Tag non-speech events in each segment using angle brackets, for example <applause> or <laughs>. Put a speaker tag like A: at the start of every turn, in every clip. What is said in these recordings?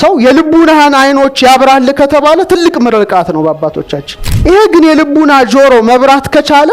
A: ሰው የልቡናህን አይኖች ያብራል ከተባለ ትልቅ ምርቃት ነው በአባቶቻችን። ይሄ ግን የልቡና ጆሮ መብራት ከቻለ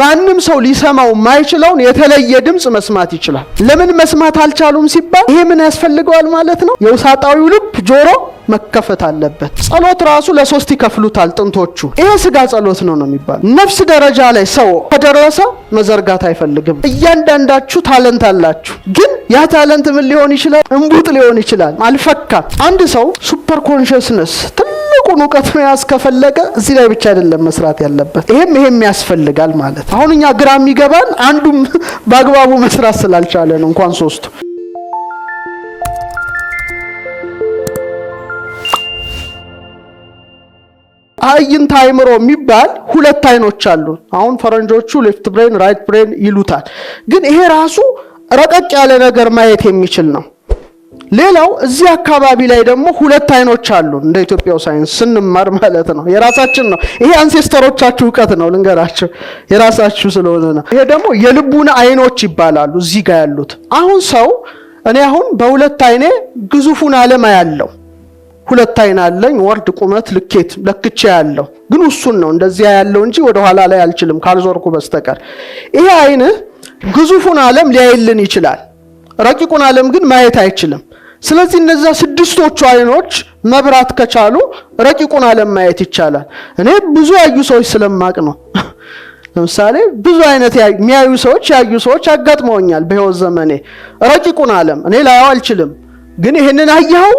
A: ማንም ሰው ሊሰማው የማይችለውን የተለየ ድምፅ መስማት ይችላል። ለምን መስማት አልቻሉም ሲባል ይሄ ምን ያስፈልገዋል ማለት ነው? የውሳጣዊው ልብ ጆሮ መከፈት አለበት። ጸሎት ራሱ ለሶስት ይከፍሉታል ጥንቶቹ። ይሄ ስጋ ጸሎት ነው ነው የሚባል ነፍስ ደረጃ ላይ ሰው ከደረሰ መዘርጋት አይፈልግም። እያንዳንዳችሁ ታለንት አላችሁ፣ ግን ያ ታለንት ምን ሊሆን ይችላል? እምቡጥ ሊሆን ይችላል፣ አልፈካም። አንድ ሰው ሱፐር ኮንሽስነስ ትልቁን እውቀት መያዝ ከፈለገ እዚህ ላይ ብቻ አይደለም መስራት ያለበት፣ ይሄም ይሄም ያስፈልጋል ማለት። አሁን እኛ ግራ የሚገባን አንዱም በአግባቡ መስራት ስላልቻለ ነው እንኳን ሶስቱ ትዕይንተ አእምሮ የሚባል ሁለት አይኖች አሉ። አሁን ፈረንጆቹ ሌፍት ብሬን ራይት ብሬን ይሉታል። ግን ይሄ ራሱ ረቀቅ ያለ ነገር ማየት የሚችል ነው። ሌላው እዚህ አካባቢ ላይ ደግሞ ሁለት አይኖች አሉ። እንደ ኢትዮጵያው ሳይንስ ስንማር ማለት ነው። የራሳችን ነው። ይሄ አንሴስተሮቻችሁ እውቀት ነው፣ ልንገራችሁ፣ የራሳችሁ ስለሆነ ነው። ይሄ ደግሞ የልቡን አይኖች ይባላሉ። እዚህ ጋር ያሉት አሁን ሰው እኔ አሁን በሁለት አይኔ ግዙፉን አለም ያለው ሁለት አይን አለኝ፣ ወርድ፣ ቁመት፣ ልኬት ለክቼ ያለው ግን እሱን ነው እንደዚያ ያለው እንጂ ወደ ኋላ ላይ አልችልም ካልዞርኩ በስተቀር። ይሄ አይን ግዙፉን ዓለም ሊያይልን ይችላል፣ ረቂቁን ዓለም ግን ማየት አይችልም። ስለዚህ እነዚያ ስድስቶቹ አይኖች መብራት ከቻሉ ረቂቁን ዓለም ማየት ይቻላል። እኔ ብዙ ያዩ ሰዎች ስለማቅ ነው። ለምሳሌ ብዙ አይነት የሚያዩ ሰዎች ያዩ ሰዎች አጋጥመውኛል በህይወት ዘመኔ። ረቂቁን ዓለም እኔ ላየው አልችልም፣ ግን ይህንን አየኸው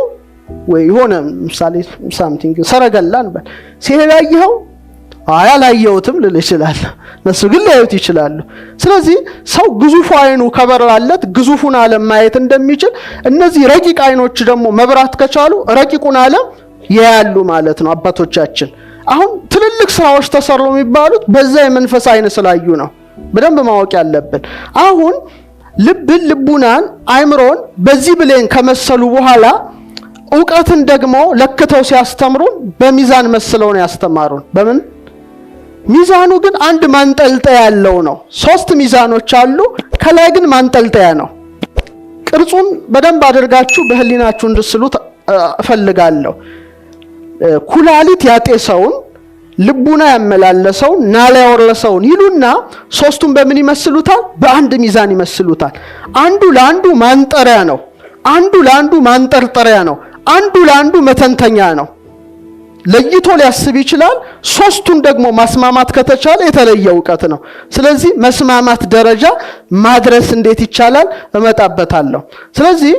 A: ወይ የሆነ ምሳሌ ሳምቲንግ ሰረገላ እንበል ሲሄድ አየኸው? አይ አላየሁትም ልል ይችላል። እነሱ ግን ሊያዩት ይችላሉ። ስለዚህ ሰው ግዙፍ አይኑ ከበራለት ግዙፉን አለም ማየት እንደሚችል እነዚህ ረቂቅ አይኖች ደግሞ መብራት ከቻሉ ረቂቁን አለም ያያሉ ማለት ነው። አባቶቻችን አሁን ትልልቅ ስራዎች ተሰርሎ የሚባሉት በዛ የመንፈስ አይን ስላዩ ነው። በደንብ ማወቅ ያለብን አሁን ልብን፣ ልቡናን፣ አይምሮን በዚህ ብሌን ከመሰሉ በኋላ እውቀትን ደግሞ ለክተው ሲያስተምሩን በሚዛን መስለው ነው ያስተማሩን። በምን ሚዛኑ ግን አንድ ማንጠልጠያ ያለው ነው። ሶስት ሚዛኖች አሉ። ከላይ ግን ማንጠልጠያ ነው። ቅርጹን በደንብ አድርጋችሁ በህሊናችሁ እንድስሉት እፈልጋለሁ። ኩላሊት ያጤሰውን ልቡና ያመላለሰውን ናላ ያወረሰውን ይሉና ሶስቱን በምን ይመስሉታል? በአንድ ሚዛን ይመስሉታል። አንዱ ለአንዱ ማንጠሪያ ነው። አንዱ ለአንዱ ማንጠርጠሪያ ነው። አንዱ ለአንዱ መተንተኛ ነው። ለይቶ ሊያስብ ይችላል። ሶስቱን ደግሞ ማስማማት ከተቻለ የተለየ እውቀት ነው። ስለዚህ መስማማት ደረጃ ማድረስ እንዴት ይቻላል እመጣበታለሁ። ስለዚህ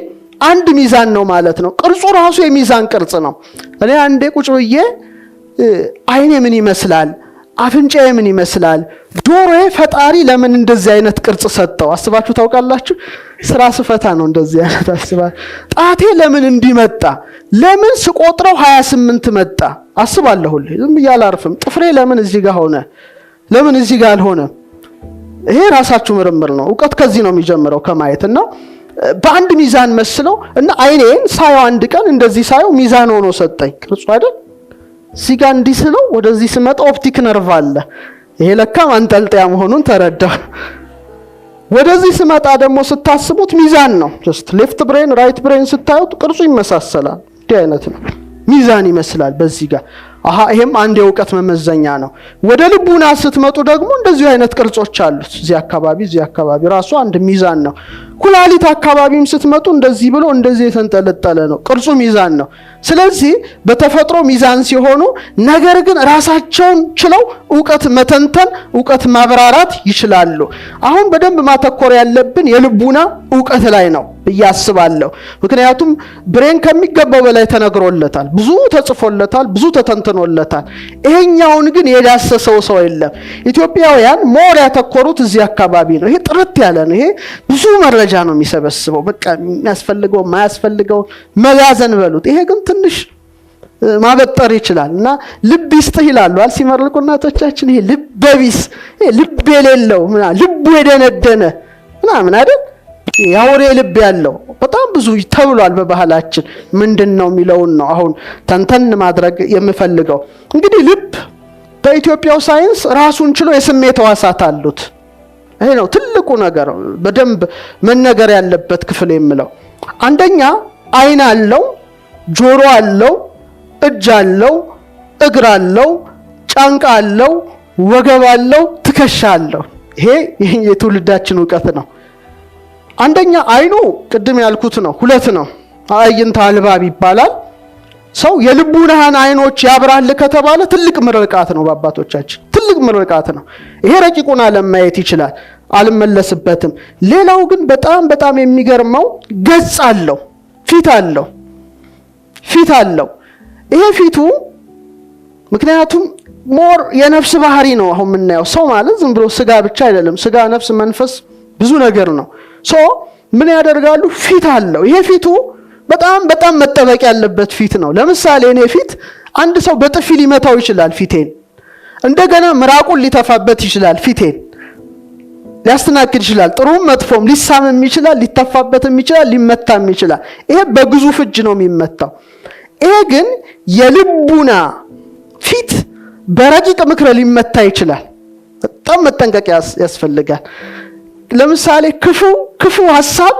A: አንድ ሚዛን ነው ማለት ነው። ቅርጹ ራሱ የሚዛን ቅርጽ ነው። እኔ አንዴ ቁጭ ብዬ አይኔ ምን ይመስላል አፍንጫዬ ምን ይመስላል? ጆሮዬ ፈጣሪ ለምን እንደዚህ አይነት ቅርጽ ሰጠው? አስባችሁ ታውቃላችሁ? ስራ ስፈታ ነው እንደዚህ አይነት አስባ። ጣቴ ለምን እንዲመጣ? ለምን ስቆጥረው 28 መጣ? አስባለሁ ዝም ብዬ አላርፍም። ጥፍሬ ለምን እዚህ ጋር ሆነ? ለምን እዚህ ጋር አልሆነ? ይሄ ራሳችሁ ምርምር ነው። እውቀት ከዚህ ነው የሚጀምረው ከማየት ነው። በአንድ ሚዛን መስለው እና አይኔን ሳየው አንድ ቀን እንደዚህ ሳየው ሚዛን ሆኖ ሰጠኝ። ቅርጹ አይደል ሲጋ ጋር ስለው ወደዚህ ስመጣ ኦፕቲክ ነርቭ አለ። ይሄ ለካ ማንጠልጠያ መሆኑን ተረዳ። ወደዚህ ስመጣ ደግሞ ስታስቡት ሚዛን ነው። ጀስት ሌፍት ብሬን ራይት ብሬን ስታዩት ቅርጹ ይመሳሰላል። እንዲህ አይነት ነው፣ ሚዛን ይመስላል በዚህ ጋር አሃ ይሄም አንድ የእውቀት መመዘኛ ነው። ወደ ልቡና ስትመጡ ደግሞ እንደዚሁ አይነት ቅርጾች አሉት። እዚህ አካባቢ እዚህ አካባቢ ራሱ አንድ ሚዛን ነው። ኩላሊት አካባቢም ስትመጡ እንደዚህ ብሎ እንደዚህ የተንጠለጠለ ነው። ቅርጹ ሚዛን ነው። ስለዚህ በተፈጥሮ ሚዛን ሲሆኑ፣ ነገር ግን ራሳቸውን ችለው እውቀት መተንተን እውቀት ማብራራት ይችላሉ። አሁን በደንብ ማተኮር ያለብን የልቡና እውቀት ላይ ነው ብዬ አስባለሁ። ምክንያቱም ብሬን ከሚገባው በላይ ተነግሮለታል፣ ብዙ ተጽፎለታል፣ ብዙ ተተንተ ተበትኖለታል። ይሄኛውን ግን የዳሰሰው ሰው የለም። ኢትዮጵያውያን ሞር ያተኮሩት እዚህ አካባቢ ነው። ይሄ ጥርት ያለ ነው። ይሄ ብዙ መረጃ ነው የሚሰበስበው። በቃ የሚያስፈልገው የማያስፈልገው መጋዘን በሉት። ይሄ ግን ትንሽ ማበጠር ይችላል እና ልብ ይስጥህ ይላሉ ሲመርቁ እናቶቻችን። ይሄ ልበቢስ ልብ የሌለው ልቡ የደነደነ ምናምን አይደል የአውሬ ልብ ያለው በጣም ብዙ ተብሏል በባህላችን። ምንድን ነው የሚለውን ነው አሁን ተንተን ማድረግ የምፈልገው። እንግዲህ ልብ በኢትዮጵያው ሳይንስ ራሱን ችሎ የስሜት ዋሳት አሉት። ይሄ ነው ትልቁ ነገር፣ በደንብ መነገር ያለበት ክፍል የምለው አንደኛ አይን አለው፣ ጆሮ አለው፣ እጅ አለው፣ እግር አለው፣ ጫንቃ አለው፣ ወገብ አለው፣ ትከሻ አለው። ይሄ የትውልዳችን እውቀት ነው። አንደኛ አይኑ ቅድም ያልኩት ነው፣ ሁለት ነው። አዕይንተ አልባብ ይባላል። ሰው የልቡናህን አይኖች ያብራል ከተባለ ትልቅ ምርቃት ነው፣ በአባቶቻችን ትልቅ ምርቃት ነው። ይሄ ረቂቁን ዓለም ማየት ይችላል፣ አልመለስበትም። ሌላው ግን በጣም በጣም የሚገርመው ገጽ አለው፣ ፊት አለው፣ ፊት አለው። ይሄ ፊቱ ምክንያቱም ሞር የነፍስ ባህሪ ነው። አሁን የምናየው ሰው ማለት ዝም ብሎ ስጋ ብቻ አይደለም። ስጋ፣ ነፍስ፣ መንፈስ ብዙ ነገር ነው። ሶ ምን ያደርጋሉ? ፊት አለው። ይሄ ፊቱ በጣም በጣም መጠበቅ ያለበት ፊት ነው። ለምሳሌ እኔ ፊት አንድ ሰው በጥፊ ሊመታው ይችላል ፊቴን። እንደገና ምራቁን ሊተፋበት ይችላል ፊቴን ሊያስተናግድ ይችላል። ጥሩም መጥፎም ሊሳምም ይችላል፣ ሊተፋበትም ይችላል፣ ሊመታም ይችላል። ይሄ በግዙፍ እጅ ነው የሚመታው። ይሄ ግን የልቡና ፊት በረቂቅ ምክረ ሊመታ ይችላል። በጣም መጠንቀቅ ያስፈልጋል። ለምሳሌ ክፉ ክፉ ሀሳብ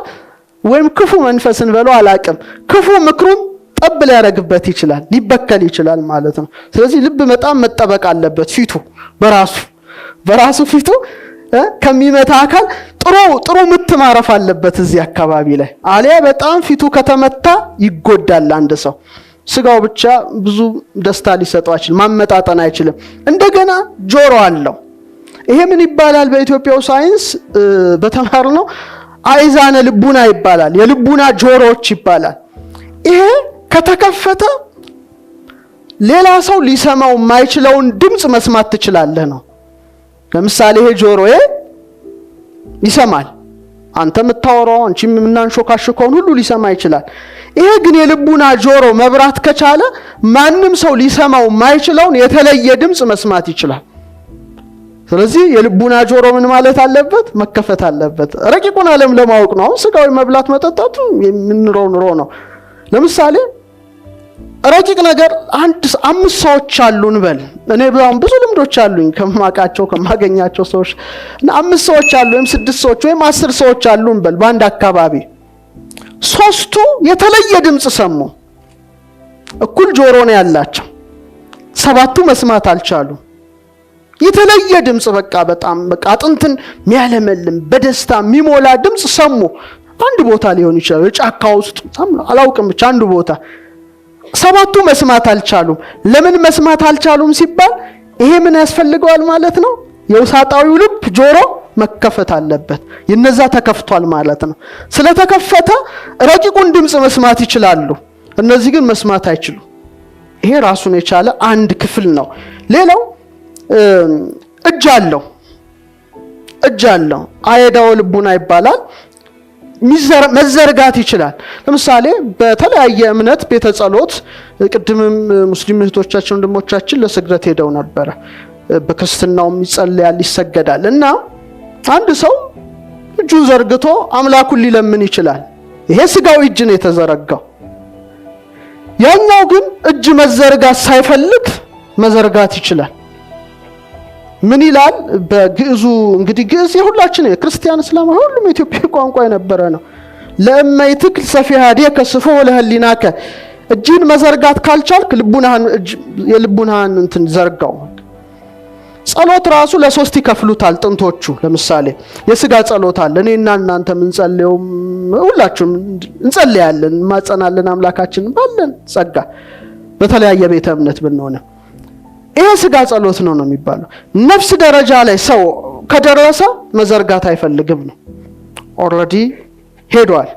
A: ወይም ክፉ መንፈስን በለው አላቅም ክፉ ምክሩም ጠብ ሊያደርግበት ይችላል፣ ሊበከል ይችላል ማለት ነው። ስለዚህ ልብ በጣም መጠበቅ አለበት። ፊቱ በራሱ በራሱ ፊቱ ከሚመታ አካል ጥሩ ጥሩ ምት ማረፍ አለበት እዚህ አካባቢ ላይ አሊያ በጣም ፊቱ ከተመታ ይጎዳል አንድ ሰው። ስጋው ብቻ ብዙ ደስታ ሊሰጠው አይችልም፣ ማመጣጠን አይችልም። እንደገና ጆሮ አለው ይሄ ምን ይባላል? በኢትዮጵያው ሳይንስ በተማር ነው አይዛነ ልቡና ይባላል። የልቡና ጆሮዎች ይባላል። ይሄ ከተከፈተ ሌላ ሰው ሊሰማው የማይችለውን ድምፅ መስማት ትችላለህ ነው። ለምሳሌ ይሄ ጆሮዬ ይሰማል። አንተ የምታወራው አንቺ የምናንሾካሽከውን ሁሉ ሊሰማ ይችላል። ይሄ ግን የልቡና ጆሮ መብራት ከቻለ ማንም ሰው ሊሰማው የማይችለውን የተለየ ድምፅ መስማት ይችላል። ስለዚህ የልቡና ጆሮ ምን ማለት አለበት? መከፈት አለበት። ረቂቁን ዓለም ለማወቅ ነው። አሁን ስጋዊ መብላት መጠጣቱ የምንኖረው ኑሮ ነው። ለምሳሌ ረቂቅ ነገር አንድ አምስት ሰዎች አሉን በል። እኔ በጣም ብዙ ልምዶች አሉኝ ከማውቃቸው ከማገኛቸው ሰዎች እና አምስት ሰዎች አሉ ወይም ስድስት ሰዎች ወይም አስር ሰዎች አሉን በል በአንድ አካባቢ ሶስቱ የተለየ ድምፅ ሰሙ። እኩል ጆሮ ነው ያላቸው። ሰባቱ መስማት አልቻሉም። የተለየ ድምፅ በቃ በጣም በቃ አጥንትን የሚያለመልም በደስታ የሚሞላ ድምፅ ሰሙ። አንድ ቦታ ሊሆን ይችላል፣ ጫካ ውስጥ አላውቅም፣ ብቻ አንድ ቦታ። ሰባቱ መስማት አልቻሉም። ለምን መስማት አልቻሉም ሲባል ይሄ ምን ያስፈልገዋል ማለት ነው? የውሳጣዊው ልብ ጆሮ መከፈት አለበት። የነዛ ተከፍቷል ማለት ነው። ስለተከፈተ ረቂቁን ድምፅ መስማት ይችላሉ። እነዚህ ግን መስማት አይችሉም። ይሄ ራሱን የቻለ አንድ ክፍል ነው። ሌላው እጅ አለው እጅ አለው። አየዳው ልቡና ይባላል። መዘርጋት ይችላል። ለምሳሌ በተለያየ እምነት ቤተ ጸሎት ቅድምም ሙስሊም እህቶቻችን ወንድሞቻችን ለስግደት ሄደው ነበረ። በክርስትናውም ይጸለያል፣ ይሰገዳል እና አንድ ሰው እጁን ዘርግቶ አምላኩን ሊለምን ይችላል። ይሄ ስጋው እጅ ነው የተዘረጋው። ያኛው ግን እጅ መዘርጋት ሳይፈልግ መዘርጋት ይችላል። ምን ይላል? በግዕዙ እንግዲህ ግዕዝ የሁላችን የክርስቲያን እስላም፣ ሁሉም የኢትዮጵያ ቋንቋ የነበረ ነው። ለእመይትክል ሰፊሃ ዲከ ስፎ ለህሊናከ፣ እጅን መዘርጋት ካልቻልክ የልቡናህን እንትን ዘርጋው። ጸሎት ራሱ ለሶስት ይከፍሉታል ጥንቶቹ። ለምሳሌ የስጋ ጸሎት አለ። እኔና እናንተ ምንጸልየውም ሁላችሁም እንጸልያለን፣ እማጸናለን አምላካችን ባለን ጸጋ በተለያየ ቤተ እምነት ብንሆንም ይህ ስጋ ጸሎት ነው ነው የሚባለው። ነፍስ ደረጃ ላይ ሰው ከደረሰ መዘርጋት አይፈልግም ነው። ኦልሬዲ ሄዷል፣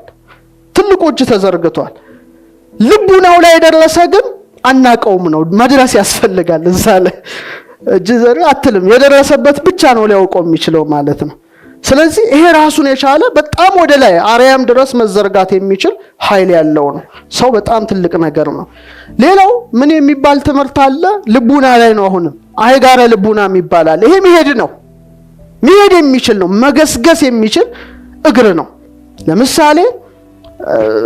A: ትልቁ እጅ ተዘርግቷል። ልቡናው ላይ የደረሰ ግን አናቀውም ነው። መድረስ ያስፈልጋል። እዛ ላይ እጅ ዘሪ አትልም። የደረሰበት ብቻ ነው ሊያውቀው የሚችለው ማለት ነው። ስለዚህ ይሄ ራሱን የቻለ በጣም ወደ ላይ አርያም ድረስ መዘርጋት የሚችል ኃይል ያለው ነው። ሰው በጣም ትልቅ ነገር ነው። ሌላው ምን የሚባል ትምህርት አለ? ልቡና ላይ ነው። አሁንም አይጋረ ልቡና የሚባል አለ። ይሄ መሄድ ነው። መሄድ የሚችል ነው። መገስገስ የሚችል እግር ነው። ለምሳሌ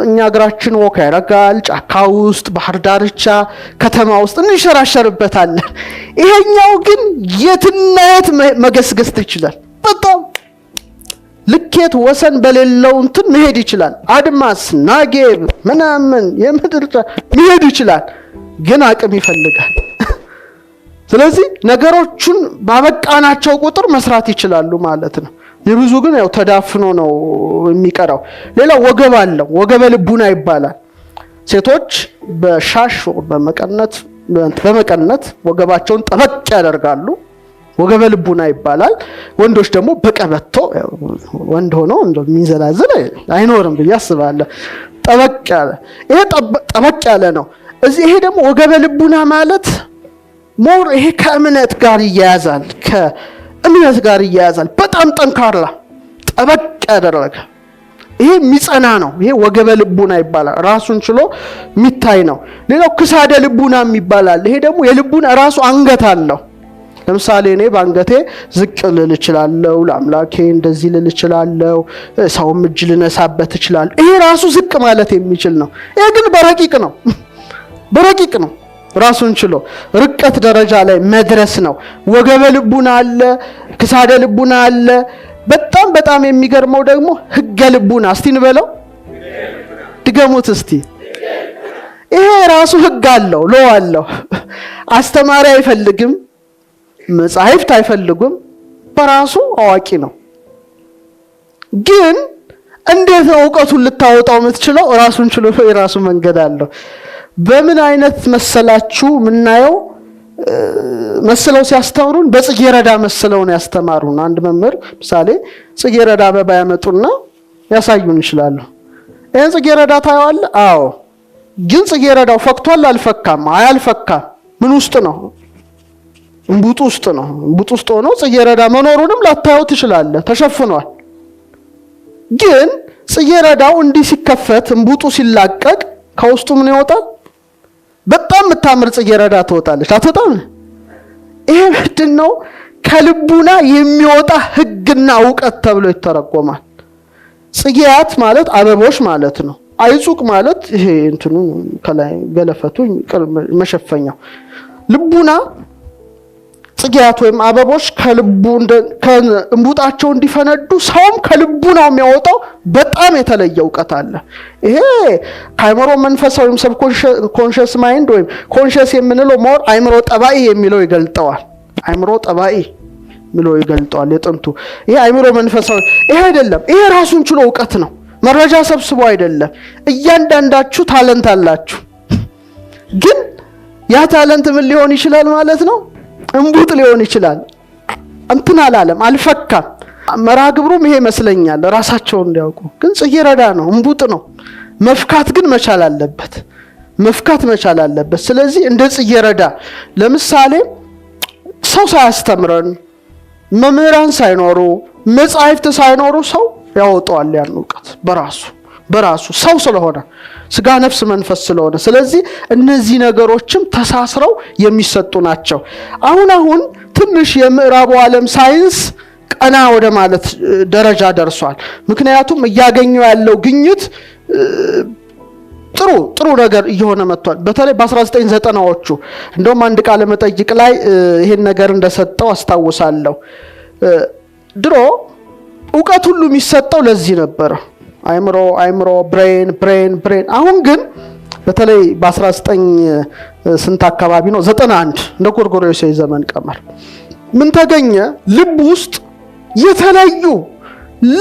A: እኛ እግራችን ወካ ያረጋል። ጫካ ውስጥ፣ ባህር ዳርቻ፣ ከተማ ውስጥ እንሸራሸርበታለን። ይሄኛው ግን የትና የት መገስገስ ይችላል በጣም ልኬት ወሰን በሌለው እንትን መሄድ ይችላል። አድማስ ናጌብ ምናምን የምድር መሄድ ይችላል፣ ግን አቅም ይፈልጋል። <laughs> ስለዚህ ነገሮቹን ባበቃናቸው ቁጥር መስራት ይችላሉ ማለት ነው። የብዙ ግን ያው ተዳፍኖ ነው የሚቀረው። ሌላው ወገብ አለው፣ ወገበ ልቡና ይባላል። ሴቶች በሻሽ በመቀነት በመቀነት ወገባቸውን ጠበቅ ያደርጋሉ። ወገበ ልቡና ይባላል። ወንዶች ደግሞ በቀበቶ ወንድ ሆኖ የሚንዘላዝል አይኖርም ብዬ አስባለሁ። ጠበቅ ያለ ይሄ ጠበቅ ያለ ነው። እዚህ ይሄ ደግሞ ወገበ ልቡና ማለት ሞር ይሄ ከእምነት ጋር ይያያዛል። ከእምነት ጋር ይያያዛል። በጣም ጠንካራ ጠበቅ ያደረገ ይሄ የሚጸና ነው። ይሄ ወገበ ልቡና ይባላል። ራሱን ችሎ የሚታይ ነው። ሌላው ክሳደ ልቡና ይባላል። ይሄ ደግሞ የልቡና ራሱ አንገት አለው ለምሳሌ እኔ በአንገቴ ዝቅ ልል እችላለሁ፣ ለአምላኬ እንደዚህ ልል እችላለሁ፣ ሰውም እጅ ልነሳበት እችላለሁ። ይሄ ራሱ ዝቅ ማለት የሚችል ነው። ይሄ ግን በረቂቅ ነው፣ <laughs> በረቂቅ ነው ራሱን ችሎ ርቀት ደረጃ ላይ መድረስ ነው። ወገበ ልቡና አለ፣ ክሳደ ልቡና አለ። በጣም በጣም የሚገርመው ደግሞ ህገ ልቡና እስቲ እንበለው፣ ድገሙት እስቲ። ይሄ ራሱ ህግ አለው፣ ሎ አለው። አስተማሪ አይፈልግም። መጻሕፍት አይፈልጉም። በራሱ አዋቂ ነው። ግን እንዴት ነው እውቀቱን ልታወጣው የምትችለው? ራሱን ችሎ የራሱ መንገድ አለው። በምን አይነት መሰላችሁ የምናየው መስለው ሲያስተምሩን በጽጌረዳ መስለው ነው ያስተማሩን። አንድ መምህር ምሳሌ ጽጌረዳ አበባ ያመጡና ያሳዩን ይችላሉ። ይህን ጽጌረዳ ታየዋለህ? አዎ። ግን ጽጌረዳው ፈክቷል? አልፈካም? አይ አልፈካም። ምን ውስጥ ነው? እምቡጥ ውስጥ ነው። እምቡጥ ውስጥ ሆኖ ጽጌረዳ መኖሩንም ላታየው ትችላለህ፣ ተሸፍኗል። ግን ጽጌረዳው እንዲህ ሲከፈት እንቡጡ ሲላቀቅ ከውስጡ ምን ይወጣል? በጣም የምታምር ጽጌረዳ ትወጣለች። አትወጣም? ይሄ ምንድን ነው? ከልቡና የሚወጣ ሕግና እውቀት ተብሎ ይተረጎማል። ጽጌያት ማለት አበቦች ማለት ነው። አይጹቅ ማለት ይሄ እንትኑ ከላይ ገለፈቱ መሸፈኛው ልቡና ጽጌያት ወይም አበቦች ከልቡ እንዲፈነዱ ሰውም ከልቡ ነው የሚያወጣው። በጣም የተለየ እውቀት አለ። ይሄ ከአይምሮ መንፈሳዊ ወይም ሰብ ኮንሽስ ማይንድ ወይም ኮንሽስ የምንለው መሆን አይምሮ ጠባኢ የሚለው ይገልጠዋል። አይምሮ ጠባኢ ብሎ ይገልጠዋል። የጥንቱ ይሄ አይምሮ መንፈሳዊ ይሄ አይደለም። ይሄ ራሱን ችሎ እውቀት ነው። መረጃ ሰብስቦ አይደለም። እያንዳንዳችሁ ታለንት አላችሁ። ግን ያ ታለንት ምን ሊሆን ይችላል ማለት ነው እምቡጥ ሊሆን ይችላል። እንትን አላለም፣ አልፈካም። መርሃ ግብሩም ይሄ ይመስለኛል። ራሳቸውን እንዲያውቁ ግን ጽጌረዳ ነው፣ እንቡጥ ነው። መፍካት ግን መቻል አለበት፣ መፍካት መቻል አለበት። ስለዚህ እንደ ጽጌረዳ ለምሳሌ ሰው ሳያስተምረን መምህራን ሳይኖሩ መጽሐፍት ሳይኖሩ ሰው ያወጣዋል ያን እውቀት በራሱ በራሱ ሰው ስለሆነ ስጋ፣ ነፍስ፣ መንፈስ ስለሆነ ስለዚህ እነዚህ ነገሮችም ተሳስረው የሚሰጡ ናቸው። አሁን አሁን ትንሽ የምዕራቡ ዓለም ሳይንስ ቀና ወደ ማለት ደረጃ ደርሷል። ምክንያቱም እያገኘ ያለው ግኝት ጥሩ ጥሩ ነገር እየሆነ መጥቷል። በተለይ በ1990ዎቹ እንደውም አንድ ቃለ መጠይቅ ላይ ይሄን ነገር እንደሰጠው አስታውሳለሁ። ድሮ እውቀት ሁሉ የሚሰጠው ለዚህ ነበረ። አይምሮ አይምሮ ብሬን ብሬን ብሬን። አሁን ግን በተለይ በ19 ስንት አካባቢ ነው 91 እንደ ጎርጎሮሳዊ ዘመን ቀመር ምን ተገኘ? ልብ ውስጥ የተለዩ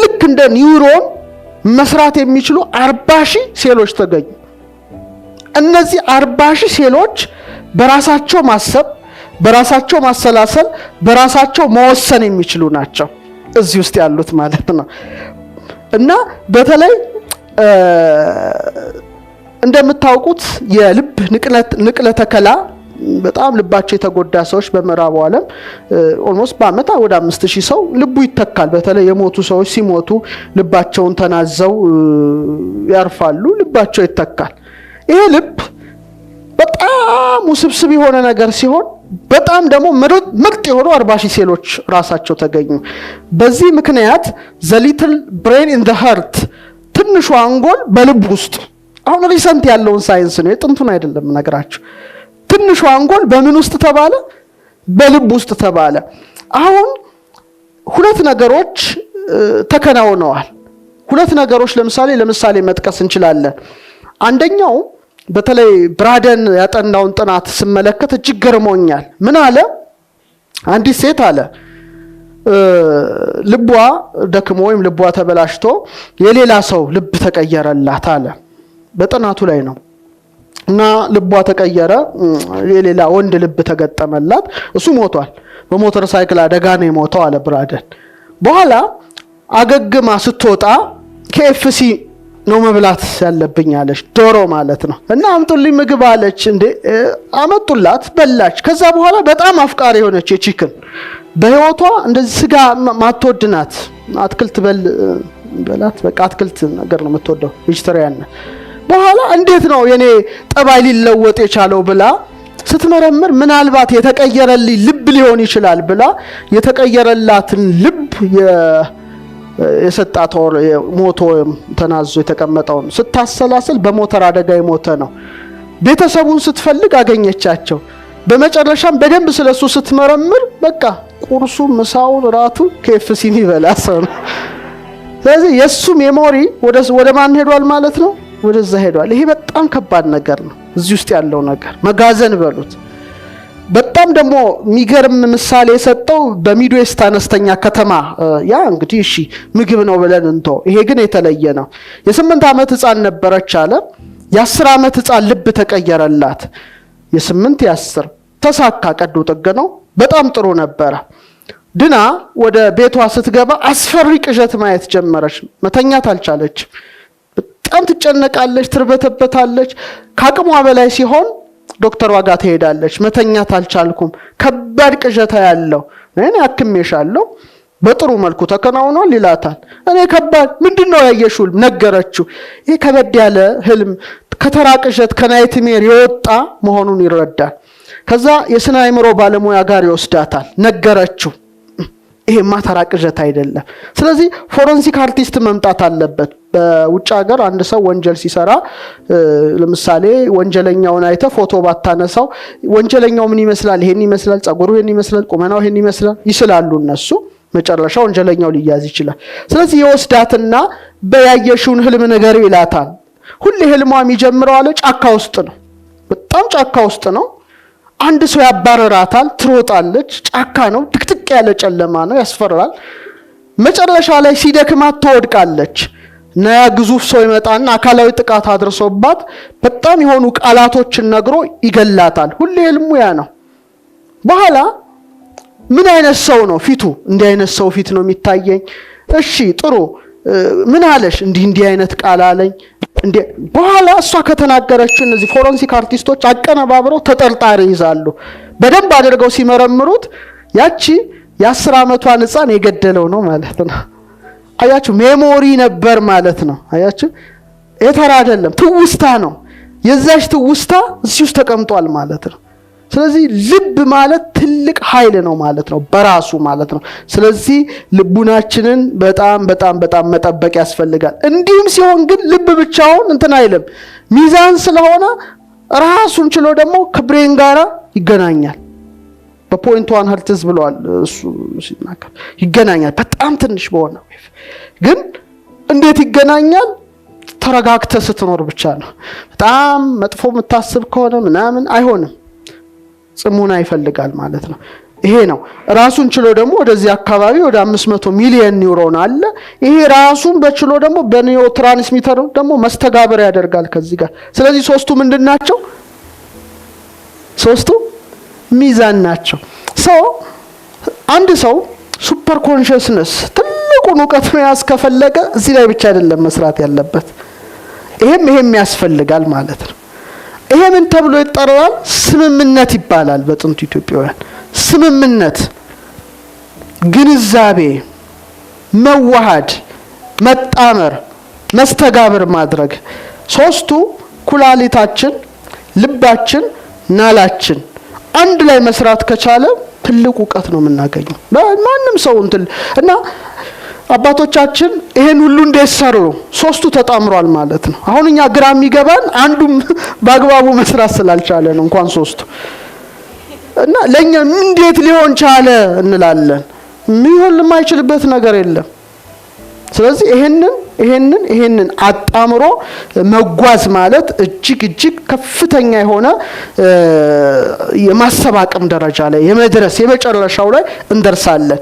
A: ልክ እንደ ኒውሮን መስራት የሚችሉ 40 ሺህ ሴሎች ተገኙ። እነዚህ 40 ሺህ ሴሎች በራሳቸው ማሰብ፣ በራሳቸው ማሰላሰል፣ በራሳቸው መወሰን የሚችሉ ናቸው። እዚህ ውስጥ ያሉት ማለት ነው። እና በተለይ እንደምታውቁት የልብ ንቅለ ተከላ በጣም ልባቸው የተጎዳ ሰዎች በምዕራቡ ዓለም ኦልሞስት በአመት ወደ አምስት ሺህ ሰው ልቡ ይተካል። በተለይ የሞቱ ሰዎች ሲሞቱ ልባቸውን ተናዘው ያርፋሉ፣ ልባቸው ይተካል። ይሄ ልብ በጣም ውስብስብ የሆነ ነገር ሲሆን በጣም ደግሞ ምርጥ የሆኑ አርባ ሺህ ሴሎች ራሳቸው ተገኙ። በዚህ ምክንያት ዘሊትል ሊትል ብሬን ኢን ሀርት ትንሹ አንጎል በልብ ውስጥ አሁን ሪሰንት ያለውን ሳይንስ ነው የጥንቱን አይደለም ነገራቸው። ትንሹ አንጎል በምን ውስጥ ተባለ? በልብ ውስጥ ተባለ። አሁን ሁለት ነገሮች ተከናውነዋል። ሁለት ነገሮች ለምሳሌ ለምሳሌ መጥቀስ እንችላለን። አንደኛው በተለይ ብራደን ያጠናውን ጥናት ስመለከት እጅግ ገርሞኛል። ምን አለ? አንዲት ሴት አለ ልቧ ደክሞ ወይም ልቧ ተበላሽቶ የሌላ ሰው ልብ ተቀየረላት አለ። በጥናቱ ላይ ነው እና ልቧ ተቀየረ። የሌላ ወንድ ልብ ተገጠመላት። እሱ ሞቷል። በሞተር ሳይክል አደጋ ነው የሞተው አለ ብራደን። በኋላ አገግማ ስትወጣ ኬኤፍሲ ነው መብላት ያለብኝ አለች። ዶሮ ማለት ነው። እና አምጡልኝ ምግብ አለች። እንዴ አመጡላት፣ በላች። ከዛ በኋላ በጣም አፍቃሪ የሆነች የቺክን በህይወቷ እንደዚህ ስጋ ማትወድናት አትክልት በል በላት በቃ አትክልት ነገር ነው የምትወደው ቬጅተሪያን። በኋላ እንዴት ነው የኔ ጠባይ ሊለወጥ የቻለው ብላ ስትመረምር ምናልባት የተቀየረልኝ ልብ ሊሆን ይችላል ብላ የተቀየረላትን ልብ የሰጣት ሞቶ ተናዞ የተቀመጠውን ስታሰላስል በሞተር አደጋ የሞተ ነው። ቤተሰቡን ስትፈልግ አገኘቻቸው። በመጨረሻም በደንብ ስለ እሱ ስትመረምር በቃ ቁርሱ፣ ምሳውን፣ ራቱ ኬፍሲን ይበላ ሰው ነው። ስለዚህ የእሱ ሜሞሪ ወደ ማን ሄዷል ማለት ነው? ወደዛ ሄዷል። ይሄ በጣም ከባድ ነገር ነው። እዚህ ውስጥ ያለው ነገር መጋዘን በሉት በጣም ደግሞ የሚገርም ምሳሌ የሰጠው በሚድዌስት አነስተኛ ከተማ ያ እንግዲህ እሺ ምግብ ነው ብለን እንቶ ይሄ ግን የተለየ ነው። የስምንት ዓመት ህፃን ነበረች አለ። የአስር ዓመት ህፃን ልብ ተቀየረላት። የስምንት የአስር ተሳካ። ቀዶ ነው በጣም ጥሩ ነበረ። ድና ወደ ቤቷ ስትገባ አስፈሪ ቅዠት ማየት ጀመረች። መተኛት አልቻለችም። በጣም ትጨነቃለች፣ ትርበተበታለች። ከአቅሟ በላይ ሲሆን ዶክተር ዋጋ ትሄዳለች። መተኛት አልቻልኩም፣ ከባድ ቅዠታ ያለው እኔ አክሜሻለሁ በጥሩ መልኩ ተከናውኗል ይላታል። እኔ ከባድ ምንድን ነው ነገረችሁ ህልም ነገረችው። ይህ ከበድ ያለ ህልም ከተራ ቅዠት ከናይትሜር የወጣ መሆኑን ይረዳል። ከዛ የስነ አእምሮ ባለሙያ ጋር ይወስዳታል። ነገረችው ይሄማ ተራ አይደለም። ስለዚህ ፎረንሲክ አርቲስት መምጣት አለበት። በውጭ ሀገር አንድ ሰው ወንጀል ሲሰራ ለምሳሌ ወንጀለኛውን አይተ ፎቶ ባታነሳው ወንጀለኛው ምን ይመስላል፣ ይሄን ይመስላል፣ ጸጉሩ ይሄን ይመስላል፣ ቁመናው ይሄን ይመስላል ይስላሉ እነሱ። መጨረሻ ወንጀለኛው ሊያዝ ይችላል። ስለዚህ የወስዳትና በያየሽውን ህልም ነገር ይላታል። ሁሌ ህልሟ የሚጀምረው አለ ጫካ ውስጥ ነው። በጣም ጫካ ውስጥ ነው። አንድ ሰው ያባረራታል። ትሮጣለች። ጫካ ነው ጥልቅ ያለ ጨለማ ነው፣ ያስፈራል። መጨረሻ ላይ ሲደክማት ትወድቃለች እና ግዙፍ ሰው ይመጣና አካላዊ ጥቃት አድርሶባት በጣም የሆኑ ቃላቶችን ነግሮ ይገላታል። ሁሌ ህልሙ ያ ነው። በኋላ ምን አይነት ሰው ነው ፊቱ? እንዲህ አይነት ሰው ፊት ነው የሚታየኝ። እሺ ጥሩ፣ ምን አለሽ? እንዲህ እንዲህ አይነት ቃል አለኝ። በኋላ እሷ ከተናገረችው እነዚህ ፎረንሲክ አርቲስቶች አቀነባብረው ተጠርጣሪ ይዛሉ። በደንብ አድርገው ሲመረምሩት ያቺ የአስር ዓመቷን ህፃን የገደለው ነው ማለት ነው። አያችሁ ሜሞሪ ነበር ማለት ነው። አያችሁ የተራ አይደለም፣ ትውስታ ነው። የዛች ትውስታ እዚህ ውስጥ ተቀምጧል ማለት ነው። ስለዚህ ልብ ማለት ትልቅ ኃይል ነው ማለት ነው በራሱ ማለት ነው። ስለዚህ ልቡናችንን በጣም በጣም በጣም መጠበቅ ያስፈልጋል። እንዲሁም ሲሆን ግን ልብ ብቻውን እንትን አይልም፣ ሚዛን ስለሆነ ራሱን ችሎ ደግሞ ከብሬን ጋራ ይገናኛል። በፖይንት ዋን ሄርትዝ ብለዋል እሱ ሲናገር ይገናኛል። በጣም ትንሽ በሆነ ዌቭ ግን እንዴት ይገናኛል? ተረጋግተ ስትኖር ብቻ ነው። በጣም መጥፎ የምታስብ ከሆነ ምናምን አይሆንም። ጽሙና ይፈልጋል ማለት ነው። ይሄ ነው ራሱን ችሎ ደግሞ ወደዚህ አካባቢ ወደ 500 ሚሊየን ኒውሮን አለ። ይሄ ራሱን በችሎ ደግሞ በኒዮ ትራንስሚተር ደግሞ መስተጋበር ያደርጋል ከዚህ ጋር። ስለዚህ ሶስቱ ምንድን ናቸው? ሶስቱ ሚዛን ናቸው። ሰው አንድ ሰው ሱፐር ኮንሽስነስ ትልቁን እውቀት መያዝ ከፈለገ እዚህ ላይ ብቻ አይደለም መስራት ያለበት፣ ይሄም ይሄም ያስፈልጋል ማለት ነው። ይሄ ምን ተብሎ ይጠራል? ስምምነት ይባላል። በጥንቱ ኢትዮጵያውያን ስምምነት፣ ግንዛቤ፣ መዋሃድ፣ መጣመር፣ መስተጋብር ማድረግ ሶስቱ ኩላሊታችን፣ ልባችን፣ ናላችን አንድ ላይ መስራት ከቻለ ትልቅ እውቀት ነው የምናገኘው። ማንም ሰው እንትል እና አባቶቻችን ይሄን ሁሉ እንዴት ሰሩ? ሶስቱ ተጣምሯል ማለት ነው። አሁን እኛ ግራ የሚገባን አንዱም በአግባቡ መስራት ስላልቻለ ነው እንኳን ሶስቱ እና ለእኛ እንዴት ሊሆን ቻለ እንላለን። የሚሆን የማይችልበት ነገር የለም። ስለዚህ ይሄንን ይሄንን ይሄንን አጣምሮ መጓዝ ማለት እጅግ እጅግ ከፍተኛ የሆነ የማሰብ አቅም ደረጃ ላይ የመድረስ የመጨረሻው ላይ እንደርሳለን።